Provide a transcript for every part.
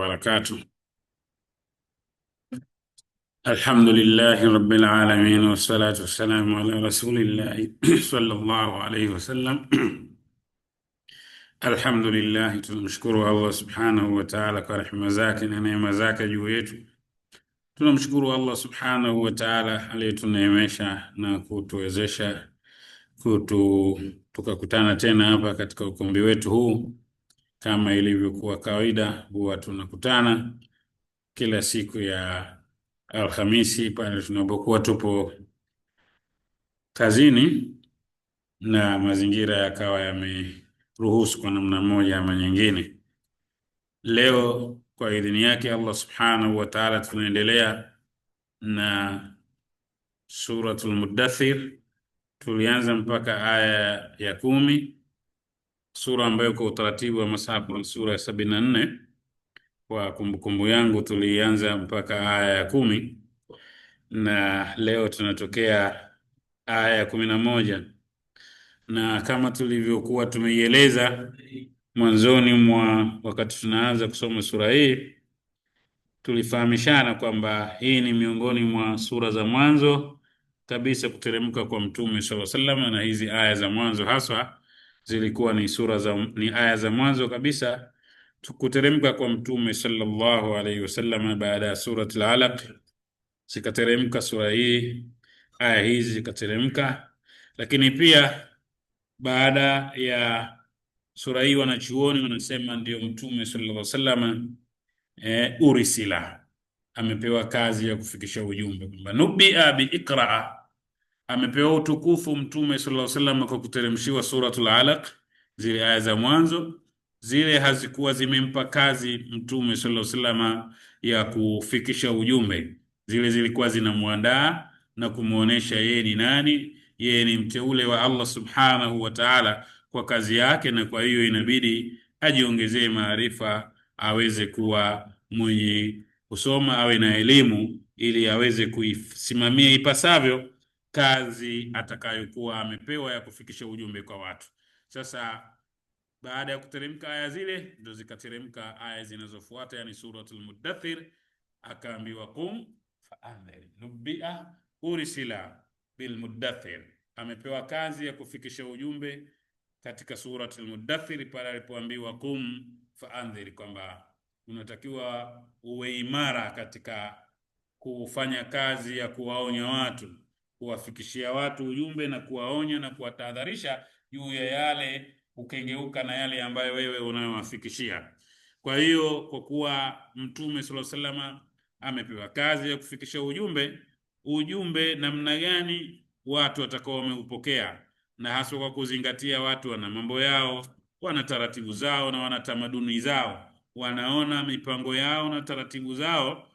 وبركاته الحمد rabilalamin wasalatu wassalamu ala rasulillahi على alaihi wasallam alhamdulillahi tunamshukuru allah subhanahu wataala kwa rehma zake na neema zake juu yetu tunamshukuru allah subhanahu wataala aliyetuneemesha na kutuwezesha kutu tukakutana tena hapa katika ukumbi wetu huu kama ilivyokuwa kawaida, huwa tunakutana kila siku ya Alhamisi pale tunapokuwa tupo kazini na mazingira yakawa yameruhusu kwa namna moja ama nyingine. Leo kwa idhini yake Allah subhanahu wa ta'ala, tunaendelea na Suratul lmudathir Tulianza mpaka aya ya kumi sura ambayo kwa utaratibu wa masahafu sura ya sabini na nne kwa kumbukumbu yangu tulianza mpaka aya ya kumi na leo tunatokea aya ya kumi na moja na kama tulivyokuwa tumeieleza mwanzoni mwa wakati tunaanza kusoma sura hii, tulifahamishana kwamba hii ni miongoni mwa sura za mwanzo kabisa kuteremka kwa Mtume sallallahu alaihi wasallam, na hizi aya za mwanzo haswa zilikuwa ni sura za, ni aya za mwanzo kabisa kuteremka kwa Mtume sallallahu alayhi wasallam baada ya Suratul Alaq zikateremka sura hii, aya hizi zikateremka. Lakini pia baada ya sura hii wanachuoni wanasema ndio Mtume sallallahu alayhi wasallam e, urisila, amepewa kazi ya kufikisha ujumbe kwamba nubia biiqraa amepewa utukufu Mtume sallallahu alaihi wasallam kwa kuteremshiwa Suratul Alaq. Zile aya za mwanzo zile hazikuwa zimempa kazi Mtume sallallahu alaihi wasallam ya kufikisha ujumbe, zile zilikuwa zinamwandaa na kumwonyesha yeye ni nani, yeye ni mteule wa Allah subhanahu wa ta'ala kwa kazi yake, na kwa hiyo inabidi ajiongezee maarifa, aweze kuwa mwenye kusoma, awe na elimu ili aweze kuisimamia ipasavyo kazi atakayokuwa amepewa ya kufikisha ujumbe kwa watu. Sasa baada ya kuteremka aya zile, ndo zikateremka aya zinazofuata, yani Suratul Mudaththir, akaambiwa kum faandhir, nubia ursila bil Amepewa kazi ya kufikisha ujumbe katika Suratul Mudaththir pale alipoambiwa kum faandhir, kwamba unatakiwa uwe imara katika kufanya kazi ya kuwaonya watu kuwafikishia watu ujumbe na kuwaonya na kuwatahadharisha juu ya yale kukengeuka na yale ambayo wewe unayowafikishia. Kwa hiyo kwa kuwa Mtume sallallahu salama amepewa kazi ya kufikisha ujumbe, ujumbe namna gani watu watakao wameupokea, na haswa kwa kuzingatia watu wana mambo yao, wana taratibu zao na wana tamaduni zao, wanaona mipango yao na taratibu zao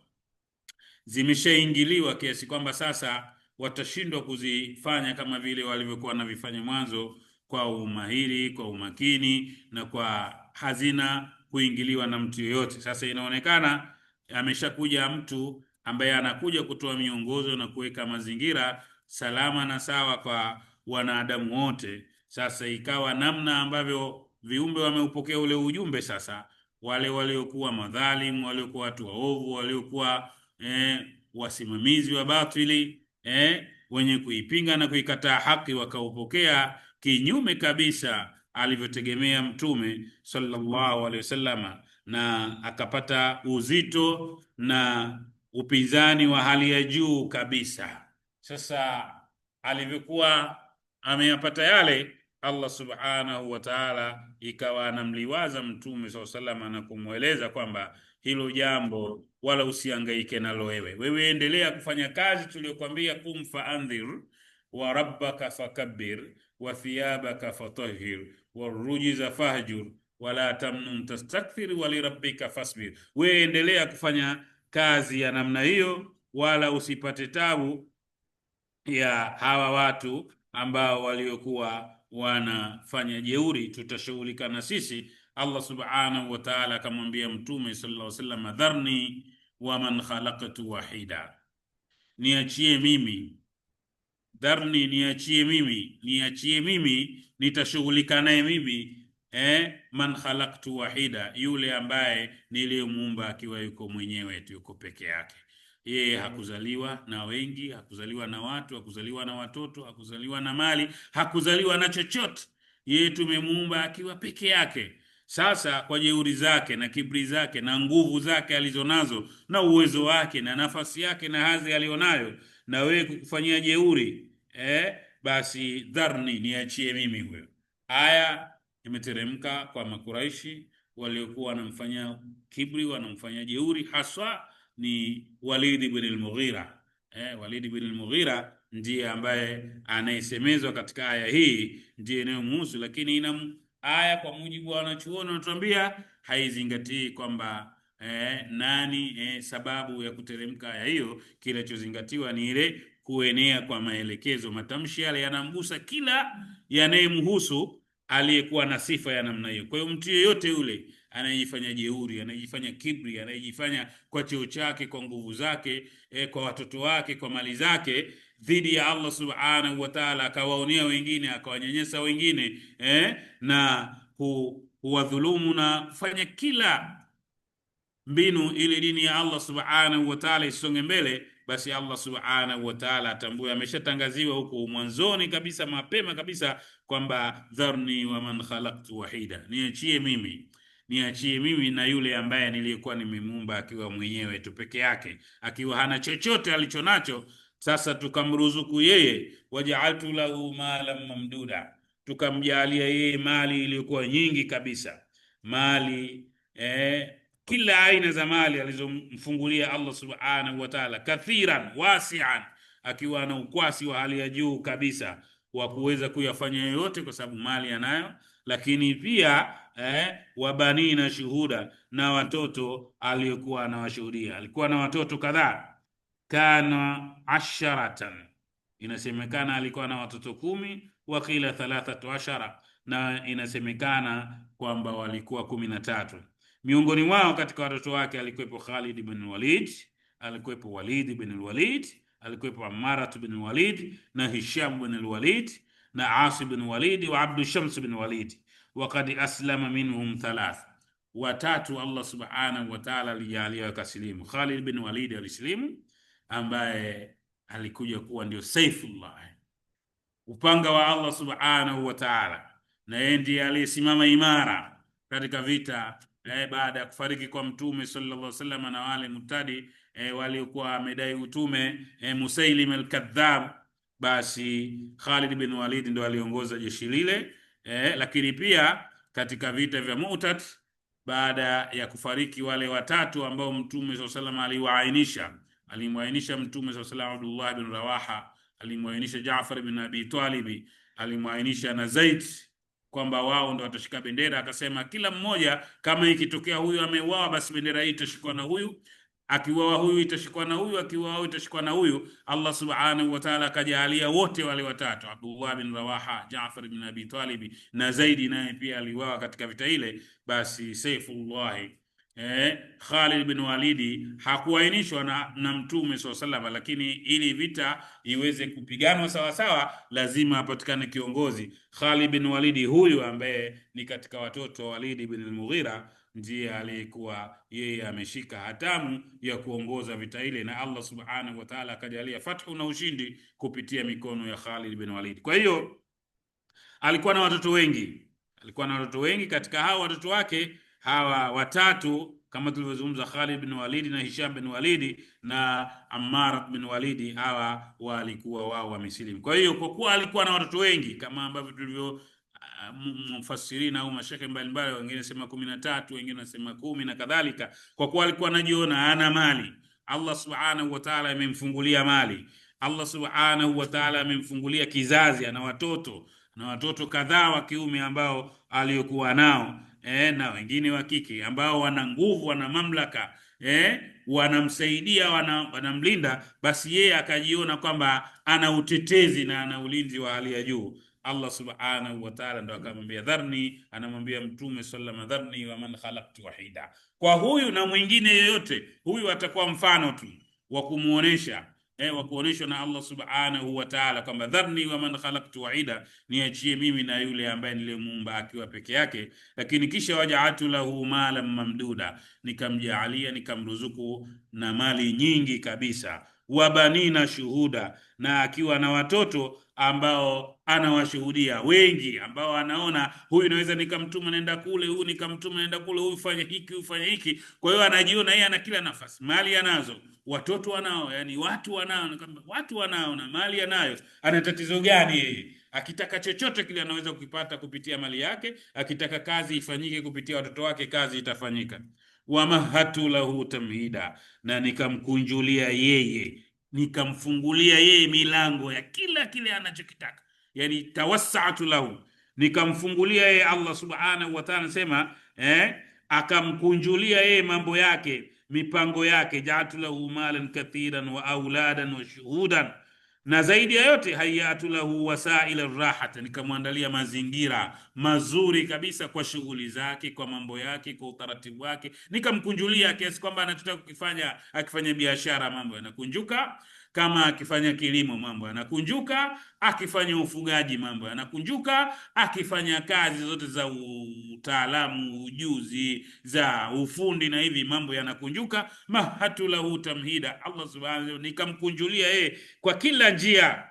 zimeshaingiliwa kiasi kwamba sasa watashindwa kuzifanya kama vile walivyokuwa wanavifanya mwanzo, kwa umahiri, kwa umakini na kwa hazina kuingiliwa na mtu yoyote. Sasa inaonekana ameshakuja mtu ambaye anakuja kutoa miongozo na kuweka mazingira salama na sawa kwa wanadamu wote. Sasa ikawa namna ambavyo viumbe wameupokea ule ujumbe, sasa wale waliokuwa madhalimu, waliokuwa watu waovu, waliokuwa eh, wasimamizi wa batili eh, wenye kuipinga na kuikataa haki wakaupokea kinyume kabisa alivyotegemea Mtume sallallahu alaihi wasallam na akapata uzito na upinzani wa hali ya juu kabisa. Sasa alivyokuwa ameyapata yale, Allah subhanahu wa ta'ala ikawa anamliwaza Mtume sallallahu alaihi na kumweleza kwamba hilo jambo, wala usihangaike nalo wewe. Wewe endelea kufanya kazi tuliyokwambia, kum faandhir wa rabbaka fakabbir wa thiyabaka fatahhir warujiza fahjur wala tamnun tastakthir walirabbika fasbir. Wewe endelea kufanya kazi ya namna hiyo, wala usipate tabu ya hawa watu ambao waliokuwa wanafanya jeuri, tutashughulika na sisi Allah subhanahu wa ta'ala akamwambia Mtume sallallahu alaihi dharni wa man khalaqtu wahida, niachie mimi. Dharni, niachie mimi, niachie mimi, nitashughulika naye mimi. Eh, man khalaqtu wahida, yule ambaye niliyemuumba akiwa yuko mwenyewe tu, yuko peke yake yeye hakuzaliwa na wengi, hakuzaliwa na watu, hakuzaliwa na watoto, hakuzaliwa na mali, hakuzaliwa na chochote. Yeye tumemuumba akiwa peke yake. Sasa kwa jeuri zake na kibri zake na nguvu zake alizonazo na uwezo wake na nafasi yake na hadhi aliyonayo, na wewe kukufanyia jeuri eh, basi dharni, niachie mimi huyo. Aya imeteremka kwa Makuraishi waliokuwa wanamfanyia kibri, wanamfanyia jeuri, haswa ni Walid ibn al-Mughira. Eh, Walid ibn al-Mughira ndiye ambaye anayesemezwa katika aya hii, ndiye inayomuhusu lakini ina Aya kwa mujibu wa wanachuoni wanatuambia haizingatii kwamba eh, nani eh, sababu ya kuteremka aya hiyo. Kinachozingatiwa ni ile kuenea kwa maelekezo. Matamshi yale yanamgusa kila yanayemhusu aliyekuwa na sifa ya namna hiyo. Kwa hiyo mtu yeyote yule anayejifanya jeuri, anayejifanya kibri, anayejifanya kwa cheo chake, kwa nguvu zake eh, kwa watoto wake, kwa mali zake dhidi ya Allah subhanahu wa ta'ala, akawaonea wengine akawanyenyesa wengine eh, na huwadhulumu na fanya kila mbinu ili dini ya Allah subhanahu wa ta'ala isonge mbele, basi Allah subhanahu wa ta'ala atambue. Ameshatangaziwa huko mwanzoni kabisa, mapema kabisa, kwamba dharni wa man khalaqtu wahida, niachie mimi niachie mimi na yule ambaye niliyekuwa nimemuumba akiwa mwenyewe tu peke yake, akiwa hana chochote alichonacho sasa tukamruzuku yeye, wajaaltu lahu malan mamduda, tukamjalia yeye mali iliyokuwa nyingi kabisa, mali eh, kila aina za mali alizomfungulia Allah subhanahu wa ta'ala, kathiran wasian, akiwa na ukwasi wa hali ya juu kabisa wa kuweza kuyafanya yoyote, kwa sababu mali anayo, lakini pia eh, wabanina shuhuda, na watoto aliyokuwa anawashuhudia. Alikuwa na watoto kadhaa kana asharatan, inasemekana alikuwa na watoto kumi. Wakila thalathatu ashara, na inasemekana kwamba walikuwa kumi na tatu. Miongoni mwao katika watoto wake alikuwepo Khalid bin Walid, alikuwepo Walid bin Walid, alikuwepo Amarat bin Walid na Hisham bin Walid na Asi bin Walid wa Abdu Shams bin Walid. Wakad aslama minhum thalath, watatu, Allah subhanahu wa ta'ala alijalia Khalid bin Walid alisilimu ambaye alikuja kuwa ndio Saifullah, upanga wa Allah subhanahu wa ta'ala, na yeye ndiye aliyesimama imara katika vita eh, baada ya kufariki kwa mtume sallallahu alaihi wasallam na wale mutadi eh, waliokuwa wamedai utume eh, Musailim al Basi Khalid bin Walid ndio aliongoza jeshi lile eh, lakini pia katika vita vya mutat baada ya kufariki wale watatu ambao mtume sallallahu alaihi wasallam aliwaainisha alimwainisha Mtume saa salam Abdullah bin Rawaha, alimwainisha Jaafar bin Abi Talibi, alimwainisha na Zaid kwamba wao ndo watashika bendera. Akasema kila mmoja kama ikitokea huyu ameuawa, basi bendera hii itashikwa na huyu, akiuawa huyu itashikwa na huyu, akiuawa itashikwa na huyu. Allah subhanahu wa ta'ala akajaalia wote wale watatu, Abdullah bin Rawaha, Jaafar bin Abi Talibi na Zaidi, naye pia aliuawa katika vita ile. Basi Saifullahi eh, Khalid bin Walidi hakuainishwa na, na mtume swalla sallam, lakini ili vita iweze kupiganwa sawasawa, lazima apatikane kiongozi. Khalid bin Walidi huyu ambaye ni katika watoto wa Walidi bin mughira ndiye aliyekuwa yeye ameshika hatamu ya kuongoza vita ile, na Allah subhanahu wa ta'ala akajalia fathu na ushindi kupitia mikono ya Khalid bin Walid. Kwa hiyo alikuwa na watoto wengi, alikuwa na watoto wengi. Katika hao watoto wake hawa watatu kama tulivyozungumza Khalid bin Walidi na Hisham bin Walidi na Ammar bin Walidi, hawa walikuwa wao wamesilimu. Kwa hiyo kwa kuwa alikuwa na watoto wengi kama ambavyo tulivyo uh, mfasirina au mashehe mbalimbali, wengine sema kumi na tatu, wengine wanasema kumi na kadhalika, kwa kuwa alikuwa anajiona ana mali. Allah subhanahu wa ta'ala amemfungulia mali, Allah subhanahu wa ta'ala amemfungulia kizazi, ana watoto na watoto kadhaa wa kiume ambao aliyokuwa nao eh, na wengine wa kike ambao wana nguvu, wana mamlaka eh, wanamsaidia, wanamlinda, basi yeye akajiona kwamba ana utetezi na ana ulinzi wa hali ya juu. Allah subhanahu wa ta'ala ndo akamwambia dharni, anamwambia Mtume sallallahu dharni wa man khalaqtu wahida, kwa huyu na mwingine yeyote, huyu atakuwa mfano tu wa kumuonesha eh, wa kuonyeshwa na Allah subhanahu wa ta'ala kwamba dharni wa man khalaqtu waida niachie mimi na yule ambaye nilimuumba akiwa peke yake. Lakini kisha wajaatu lahu malan mamduda, nikamjaalia nikamruzuku na mali nyingi kabisa, wabanina shuhuda, na akiwa na watoto ambao anawashuhudia wengi, ambao anaona huyu naweza nikamtuma naenda kule, huyu nikamtuma naenda kule, huyu fanye hiki, huyu fanya hiki. Kwa hiyo anajiona yeye ana kila nafasi, mali anazo, watoto wanao yani watu wanao, watu wanao na mali anayo. Ana tatizo gani yeye? Akitaka chochote kile anaweza kukipata kupitia mali yake, akitaka kazi ifanyike kupitia watoto wake, kazi itafanyika. Wamahatu lahu tamhida, na nikamkunjulia yeye nikamfungulia yeye milango ya kila kile anachokitaka, yani tawassatu lahu, nikamfungulia yeye Allah subhanahu wa ta'ala anasema eh, akamkunjulia yeye mambo yake mipango yake, jaatu lahu malan kathiran wa auladan wa shuhudan na zaidi ya yote hayatu lahu wasail rahat, nikamwandalia mazingira mazuri kabisa kwa shughuli zake, kwa mambo yake, kwa utaratibu wake, nikamkunjulia kiasi kwamba anachotaka kukifanya, akifanya biashara mambo yanakunjuka kama akifanya kilimo mambo yanakunjuka, akifanya ufugaji mambo yanakunjuka, akifanya kazi zote za utaalamu, ujuzi, za ufundi na hivi mambo yanakunjuka. mahatu tamhida, Allah subhanahu nikamkunjulia yeye kwa kila njia.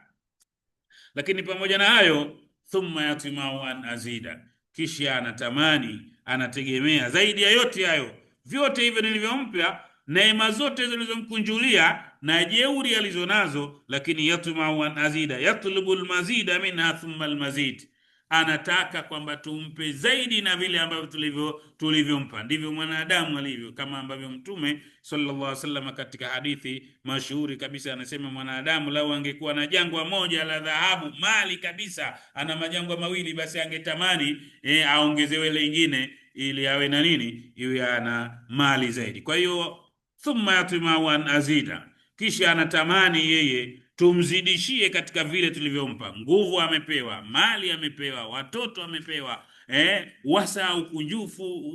Lakini pamoja na hayo, thumma yatimau an azida, kisha anatamani, anategemea zaidi ya yote hayo, vyote hivyo nilivyompa neema zote zilizomkunjulia na jeuri alizonazo, lakini yatmau an azida yatlubu lmazida minha thumma lmazid, anataka kwamba tumpe zaidi na vile ambavyo tulivyo tulivyompa. Ndivyo mwanadamu alivyo, kama ambavyo Mtume sallallahu alaihi wasallam katika hadithi mashuhuri kabisa anasema, mwanadamu lau angekuwa na jangwa moja la dhahabu, mali kabisa, ana majangwa mawili, basi angetamani eh, aongezewe lingine ili awe na nini, iwe ana mali zaidi. Kwa hiyo thumma yatima an azida, kisha anatamani yeye tumzidishie katika vile tulivyompa. Nguvu amepewa, mali amepewa, watoto amepewa, eh, wasa, ukunjufu,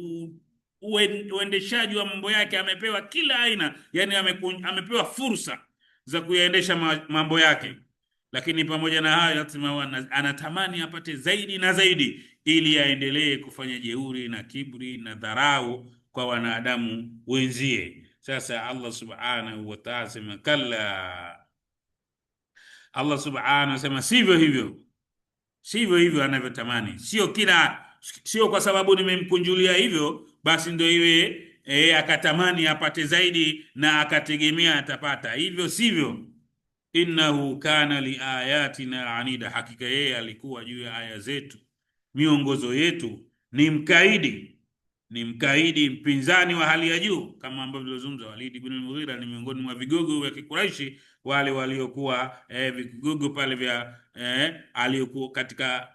uendeshaji wa mambo yake amepewa kila aina, yani amepewa fursa za kuyaendesha mambo yake, lakini pamoja na hayo anatamani apate zaidi na zaidi, ili aendelee kufanya jeuri na kibri na dharau kwa wanadamu wenzie. Sasa Allah subhanahu wa ta'ala sema kalla, Allah subhanahu sema sivyo hivyo, sivyo hivyo anavyotamani. Sio kila, sio kwa sababu nimemkunjulia hivyo basi ndio iwe e, akatamani apate zaidi na akategemea atapata. Hivyo sivyo. Innahu kana liayatina anida, hakika yeye alikuwa juu ya aya zetu, miongozo yetu ni mkaidi ni mkaidi mpinzani wa hali ya juu, kama ambavyo tulizungumza. Walid ibn al-Mughira ni miongoni mwa vigogo vya Kikuraishi wale waliokuwa eh, vigogo pale vya eh, aliyokuwa katika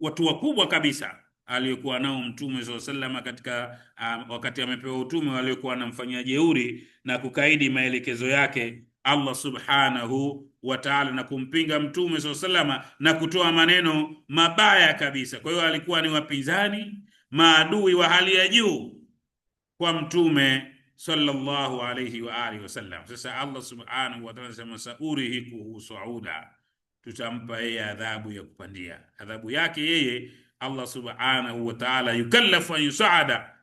watu wakubwa kabisa aliyokuwa nao Mtume swalla sallam katika um, wakati amepewa utume, waliokuwa anamfanyia jeuri na kukaidi maelekezo yake Allah subhanahu wa ta'ala, na kumpinga Mtume swalla sallam na kutoa maneno mabaya kabisa. Kwa hiyo alikuwa ni wapinzani maadui wa hali ya juu kwa mtume sallallahu alayhi wa alihi wasallam. Sasa Allah subhanahu wa ta'ala anasema saurihiku sauda, tutampa yeye adhabu ya kupandia. Adhabu yake yeye Allah subhanahu wa ta'ala yukallafu an yusaada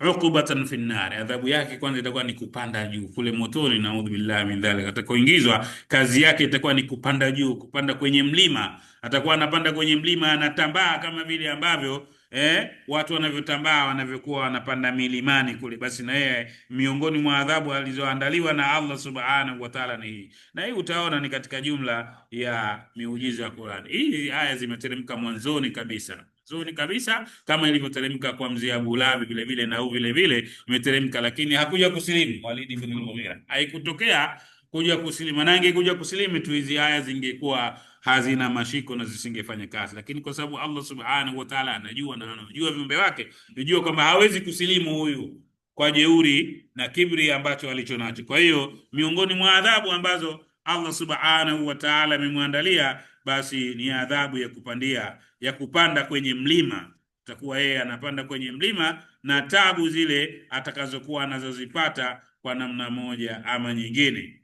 uqubatan fi nnari, adhabu yake kwanza itakuwa ni kupanda juu kule motoni, naudhu billahi min dhalik. Atakoingizwa kazi yake itakuwa ni kupanda juu, kupanda kwenye mlima. Atakuwa anapanda kwenye mlima, anatambaa kama vile ambavyo eh, watu wanavyotambaa wanavyokuwa wanapanda milimani kule. Basi na yeye miongoni mwa adhabu alizoandaliwa na Allah subhanahu wa ta'ala ni hii, na hii utaona ni katika jumla ya miujiza ya Qur'an. Hii aya zimeteremka mwanzoni kabisa zuri kabisa kama ilivyoteremka kwa mzee Abu Labi vile vile na huu vile vile imeteremka, lakini hakuja kusilimu Walid ibn mughira Haikutokea kuja kusilimu, na ingekuja kusilimu tu hizi aya zingekuwa hazina mashiko na zisingefanya kazi, lakini kwa sababu Allah subhanahu wa ta'ala anajua na anajua viumbe wake, anajua kwamba hawezi kusilimu huyu kwa jeuri na kibri ambacho alicho nacho. Kwa hiyo miongoni mwa adhabu ambazo Allah subhanahu wa ta'ala amemwandalia basi ni adhabu ya kupandia ya kupanda kwenye mlima. Atakuwa yeye anapanda kwenye mlima na tabu zile atakazokuwa anazozipata kwa namna moja ama nyingine.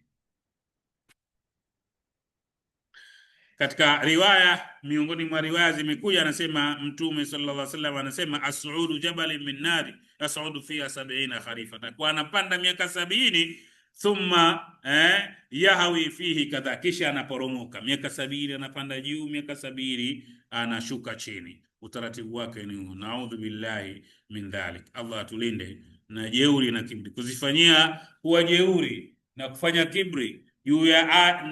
Katika riwaya miongoni mwa riwaya zimekuja, anasema Mtume sallallahu alaihi wasallam anasema asuudu jabalin min nari asuudu fiha sabina kharifa, atakuwa anapanda miaka sabini thumma eh, yahwi fihi kadha, kisha anaporomoka miaka sabini, anapanda juu miaka sabini, anashuka chini. Utaratibu wake ni Naudhu billahi min dhalik. Allah atulinde na jeuri na kibri, kuzifanyia kuwa jeuri na kufanya kibri juu ya,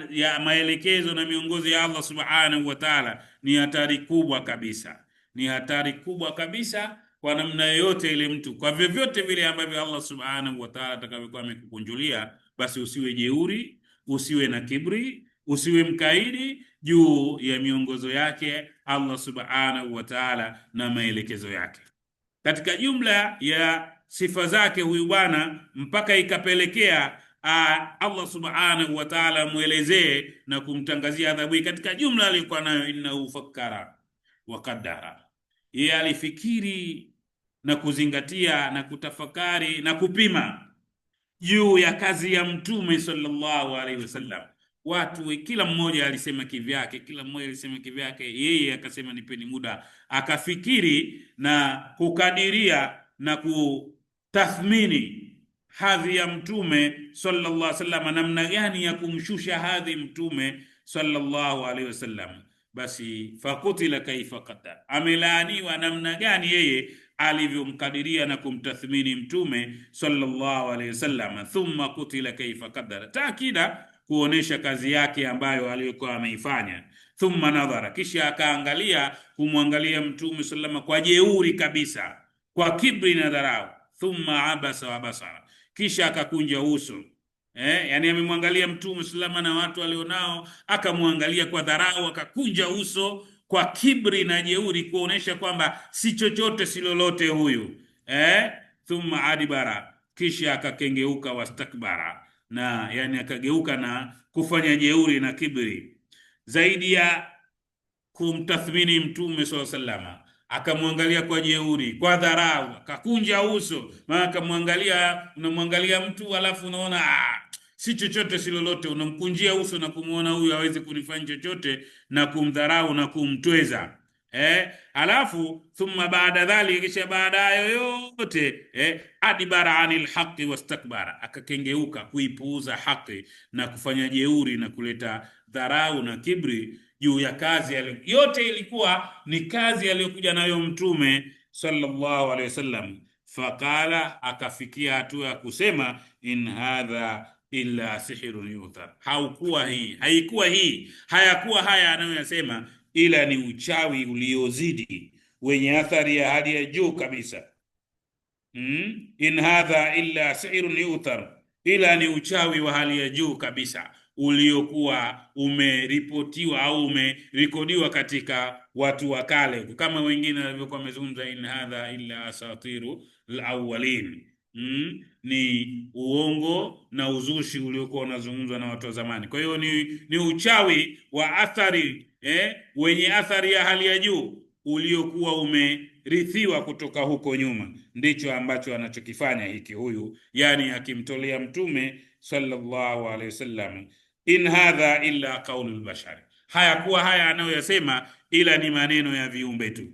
ya maelekezo na miongozo ya Allah subhanahu wa ta'ala, ni hatari kubwa kabisa, ni hatari kubwa kabisa kwa namna yoyote ile, mtu kwa vyovyote vile ambavyo Allah subhanahu wa ta'ala atakavyokuwa amekukunjulia, basi usiwe jeuri, usiwe na kibri, usiwe mkaidi juu ya miongozo yake Allah subhanahu wa ta'ala na maelekezo yake. Katika jumla ya sifa zake huyu bwana mpaka ikapelekea aa, Allah subhanahu wa ta'ala amwelezee na kumtangazia adhabu hii katika jumla aliyokuwa nayo, innahu fakkara wa qaddara yeye alifikiri na kuzingatia na kutafakari na kupima juu ya kazi ya Mtume sallallahu alaihi wasallam. Watu kila mmoja alisema kivyake, kila mmoja alisema kivyake, yeye akasema nipeni muda, akafikiri na kukadiria na kutathmini hadhi ya Mtume sallallahu alaihi wasallam, namna gani ya kumshusha hadhi Mtume sallallahu alaihi wasallam basi fakutila kaifa qadar, amelaaniwa namna gani yeye alivyomkadiria na kumtathmini Mtume sallallahu alaihi wasallam. Thumma kutila kaifa qadar, taakida kuonesha kazi yake ambayo aliyokuwa ameifanya. Thumma nadhara, kisha akaangalia kumwangalia Mtume sallallahu kwa jeuri kabisa, kwa kibri na dharau. Thumma abasa wa basara, kisha akakunja uso eh, yani amemwangalia Mtume salama na watu alionao, akamwangalia kwa dharau, akakunja uso kwa kibri na jeuri, kuonesha kwamba si chochote si lolote huyu eh, thumma adibara, kisha akakengeuka, wastakbara na yani akageuka na kufanya jeuri na kibri zaidi ya kumtathmini Mtume sallallahu salama akamwangalia kwa jeuri, kwa dharau, akakunja uso. Maana akamwangalia, unamwangalia mtu alafu unaona ah, si chochote si lolote, unamkunjia uso na kumwona huyu awezi kunifanya chochote na kumdharau na kumtweza eh. Alafu thumma baada dhalika, kisha baada ya yote eh, adibara anil haqi wastakbara, akakengeuka kuipuuza haki na kufanya jeuri na kuleta dharau na kibri juu ya kazi ya yote, ilikuwa ni kazi aliyokuja nayo Mtume sallallahu alaihi wasallam. Faqala, akafikia hatua ya kusema in hadha illa sihrun yuthar, haukuwa hii, haikuwa hii, hayakuwa haya anayoyasema, ila ni uchawi uliozidi wenye athari ya hali ya juu kabisa. Hmm? in hadha illa sihrun yuthar, ila ni uchawi wa hali ya juu kabisa uliokuwa umeripotiwa au umerekodiwa katika watu wa kale, kama wengine walivyokuwa wamezungumza, in hadha illa asatiru lawalin Mm, ni uongo na uzushi uliokuwa unazungumzwa na watu wa zamani. Kwa hiyo ni, ni uchawi wa athari eh, wenye athari ya hali ya juu uliokuwa umerithiwa kutoka huko nyuma, ndicho ambacho anachokifanya hiki huyu, yani akimtolea Mtume sallallahu alaihi wasallam in hadha illa qaulu lbashari, hayakuwa haya anayoyasema ila ni maneno ya viumbe tu.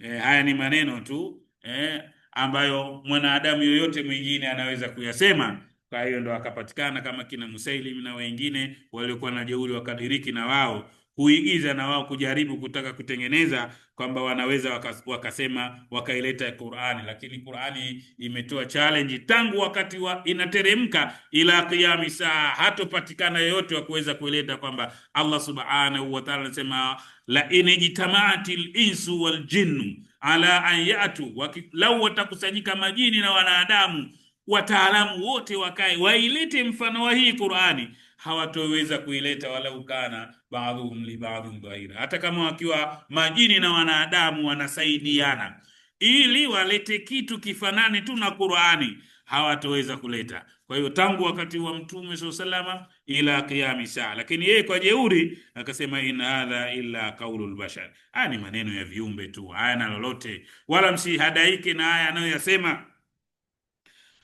E, haya ni maneno tu e, ambayo mwanadamu yoyote mwingine anaweza kuyasema. Kwa hiyo ndo akapatikana kama kina Musailim na wengine waliokuwa na jeuri wakadiriki na wao huigiza na wao kujaribu kutaka kutengeneza kwamba wanaweza wakasema wakaileta Qur'ani, lakini Qur'ani imetoa challenge tangu wakati wa inateremka ila kiyami saa, hatopatikana yoyote wa kuweza kuileta kwamba Allah subhanahu wa ta'ala anasema la inijtamaatil insu wal jinnu ala an yatu lau watakusanyika majini na wanadamu wataalamu wote wakae wailete mfano wa hii Qur'ani hawatoweza kuileta ukana kana baadhuhum libaadhin dhahira, hata kama wakiwa majini na wanadamu wanasaidiana ili walete kitu kifanane tu na Qur'ani, hawatoweza kuleta. Kwa hiyo tangu wakati wa Mtume swalla salama ila qiyami saa, lakini yeye kwa jeuri akasema in hadha illa qaulu bashar, haya ni maneno ya viumbe tu, hayana lolote, wala msihadaike na haya anayoyasema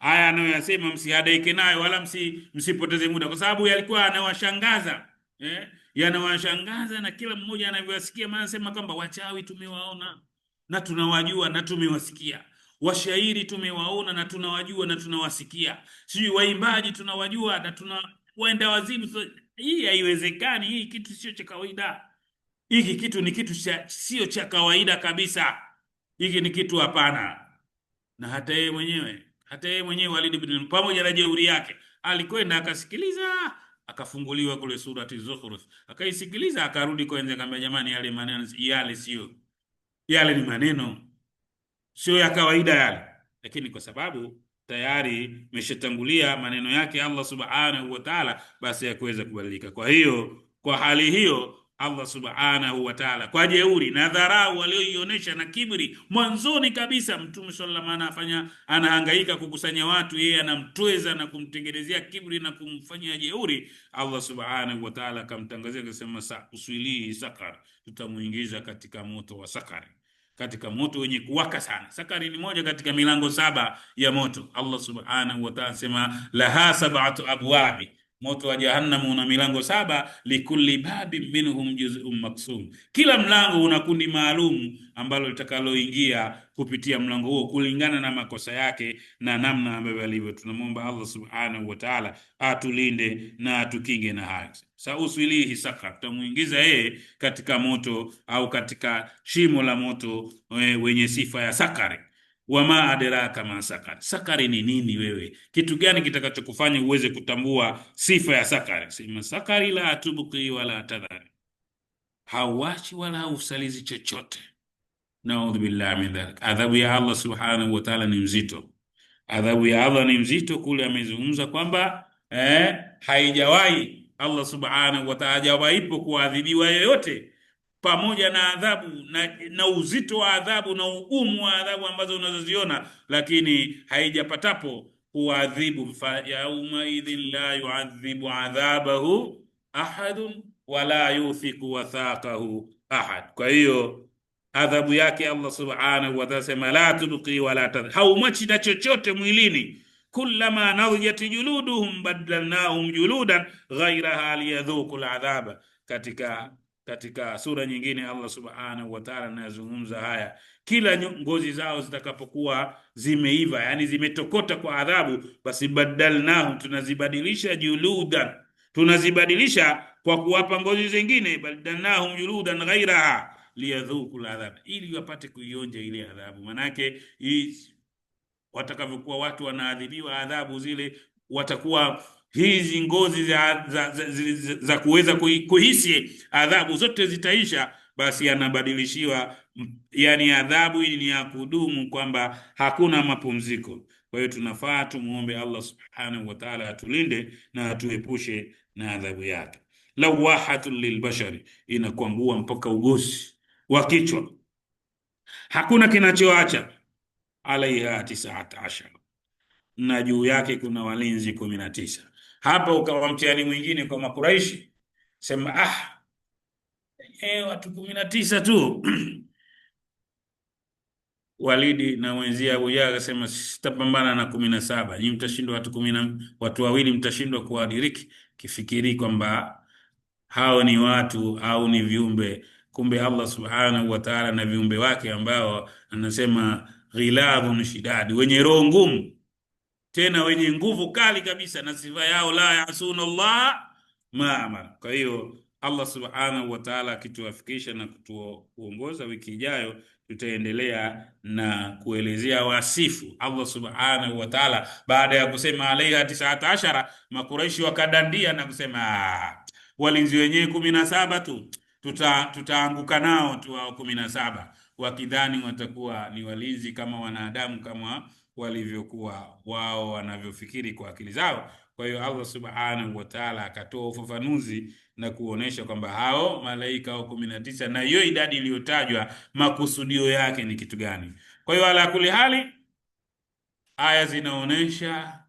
haya anayoyasema msihadaike nayo wala msi, msipoteze muda kwa sababu yalikuwa anawashangaza eh? yanawashangaza na kila mmoja anavyowasikia, maana sema kwamba wachawi tumewaona na tunawajua na tumewasikia, washairi tumewaona na tunawajua na tunawasikia, sijui waimbaji tunawajua na tuna waenda wazimu. Hii haiwezekani, hii kitu sio cha kawaida. Hiki kitu ni kitu sio cha kawaida kabisa, hiki ni kitu hapana. Na hata yeye mwenyewe hata yeye mwenyewe Walid bin pamoja na jeuri yake alikwenda akasikiliza akafunguliwa kule surati Zukhruf, akaisikiliza akarudi kwenye akamwambia jamani, yale maneno yale sio yale, ni maneno sio ya kawaida yale, lakini kwa sababu tayari imeshatangulia maneno yake Allah subhanahu wa ta'ala, basi yakuweza kubadilika. Kwa hiyo kwa hali hiyo Allah subhanahu wa ta'ala kwa jeuri na dharau walioionyesha na kibri mwanzoni kabisa. Mtume sallallahu alaihi wasallam anahangaika kukusanya watu, yeye anamtweza na kumtengenezea kibri na kumfanyia jeuri. Allah subhanahu wa ta'ala akamtangazia akasema, sa uswilihi sakar, tutamuingiza katika moto wa sakari, katika moto wenye kuwaka sana. Sakari ni moja katika milango saba ya moto. Allah subhanahu wa ta'ala sema laha sab'atu abwabi Moto wa Jahannam una milango saba, likulli babin minhum juz'un maksum, kila mlango una kundi maalum ambalo litakaloingia kupitia mlango huo kulingana na makosa yake na namna ambavyo alivyo. Tunamwomba Allah subhanahu wa ta'ala atulinde na atukinge na hayo. Sauswilihi sakra, tutamwingiza yeye katika moto au katika shimo la moto eh, wenye sifa ya sakari wama adraka ma sakari Sakari ni nini? Wewe kitu gani kitakachokufanya uweze kutambua sifa ya sakari? Sema sakari la atubki wala tadhari, hauachi wala hausalizi chochote. Naudhu billahi min dhalik. Adhabu ya Allah subhanahu wa ta'ala ni mzito, adhabu ya Allah ni mzito. Kule amezungumza kwamba eh, haijawahi Allah subhanahu wa ta'ala hajawahi ipo kuadhibiwa yoyote pamoja na adhabu na, na uzito wa adhabu na ugumu wa adhabu ambazo unazoziona, lakini haijapatapo huadhibu. Fa la yuadhibu adhabahu ahadun wala yuthiqu wathaqahu ahad. Kwa hiyo adhabu yake Allah subhanahu wa ta'ala sema la tubqi wala tadhar, haumwachi na chochote mwilini kullama nadhijat juluduhum badalnahum juludan ghairaha liyadhuku ladhaba katika katika sura nyingine Allah subhanahu wa ta'ala anazungumza haya, kila ngozi zao zitakapokuwa zimeiva, yani zimetokota kwa adhabu, basi badalnahu tunazibadilisha juludan, tunazibadilisha kwa kuwapa ngozi zingine, badalnahum juludan ghairaha liyadhuku ladhab, ili wapate kuionja ile adhabu. Manake watakavyokuwa watu wanaadhibiwa adhabu zile watakuwa hizi ngozi za, za, za, za, za kuweza kuhisi adhabu zote zitaisha, basi anabadilishiwa yani adhabu hii ni ya kudumu, kwamba hakuna mapumziko. Kwa hiyo tunafaa tumuombe Allah subhanahu wa ta'ala atulinde na atuepushe na adhabu yake. Lawahatun lilbashari, inakuambua mpaka ugosi wa kichwa, hakuna kinachoacha. Alaiha tisaat ashara, na juu yake kuna walinzi kumi na tisa hapa ukawa mtihani mwingine kwa Makuraishi, sema ah, e, watu kumi na tisa tu Walidi na wenzia Abuja akasema sitapambana na kumi na saba nyinyi mtashindwa watu kumi na watu wawili mtashindwa kuwadiriki, kifikiri kwamba hao ni watu au ni viumbe. Kumbe Allah subhanahu wa ta'ala na viumbe wake ambao anasema ghilabun shidadi, wenye roho ngumu tena wenye nguvu kali kabisa, na sifa yao la yasuna Allah ma Kwa hiyo Allah subhanahu wa ta'ala na kutuongoza, wiki ijayo tutaendelea na kuelezea wasifu Allah subhanahu wa ta'ala. Baada ya kusema alaiha tisaata ashara, Makuraishi wakadandia na kusema ah, walinzi wenyewe kumi na saba tu tuta, tutaanguka nao tu wao kumi na saba wakidhani watakuwa ni walinzi kama wanadamu kama walivyokuwa wao wanavyofikiri kwa akili zao. Kwa hiyo Allah subhanahu wa taala akatoa ufafanuzi na kuonesha kwamba hao malaika wa kumi na tisa na hiyo idadi iliyotajwa makusudio yake ni kitu gani. Kwa hiyo ala kuli hali, aya zinaonesha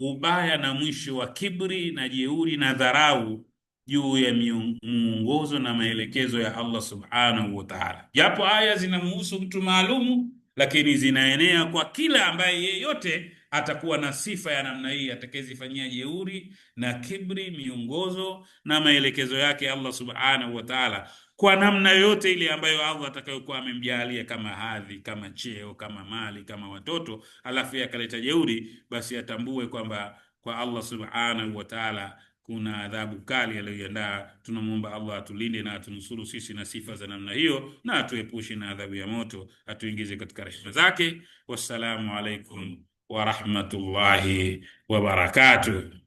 ubaya na mwisho wa kibri na jeuri na dharau juu ya muongozo na maelekezo ya Allah subhanahu wa taala, japo aya zinamhusu mtu maalumu lakini zinaenea kwa kila ambaye yeyote atakuwa na sifa ya namna hii atakayezifanyia jeuri na kibri miongozo na maelekezo yake Allah subhanahu wa ta'ala, kwa namna yoyote ile ambayo Allah atakayokuwa amemjalia kama hadhi, kama cheo, kama mali, kama watoto, alafu yakaleta jeuri, basi atambue kwamba kwa Allah subhanahu wa ta'ala kuna adhabu kali aliyoiandaa. Tunamwomba Allah atulinde na atunusuru sisi na sifa za namna hiyo, na atuepushe na adhabu ya moto, atuingize katika rehema zake. Wassalamu alaikum warahmatullahi wabarakatuh.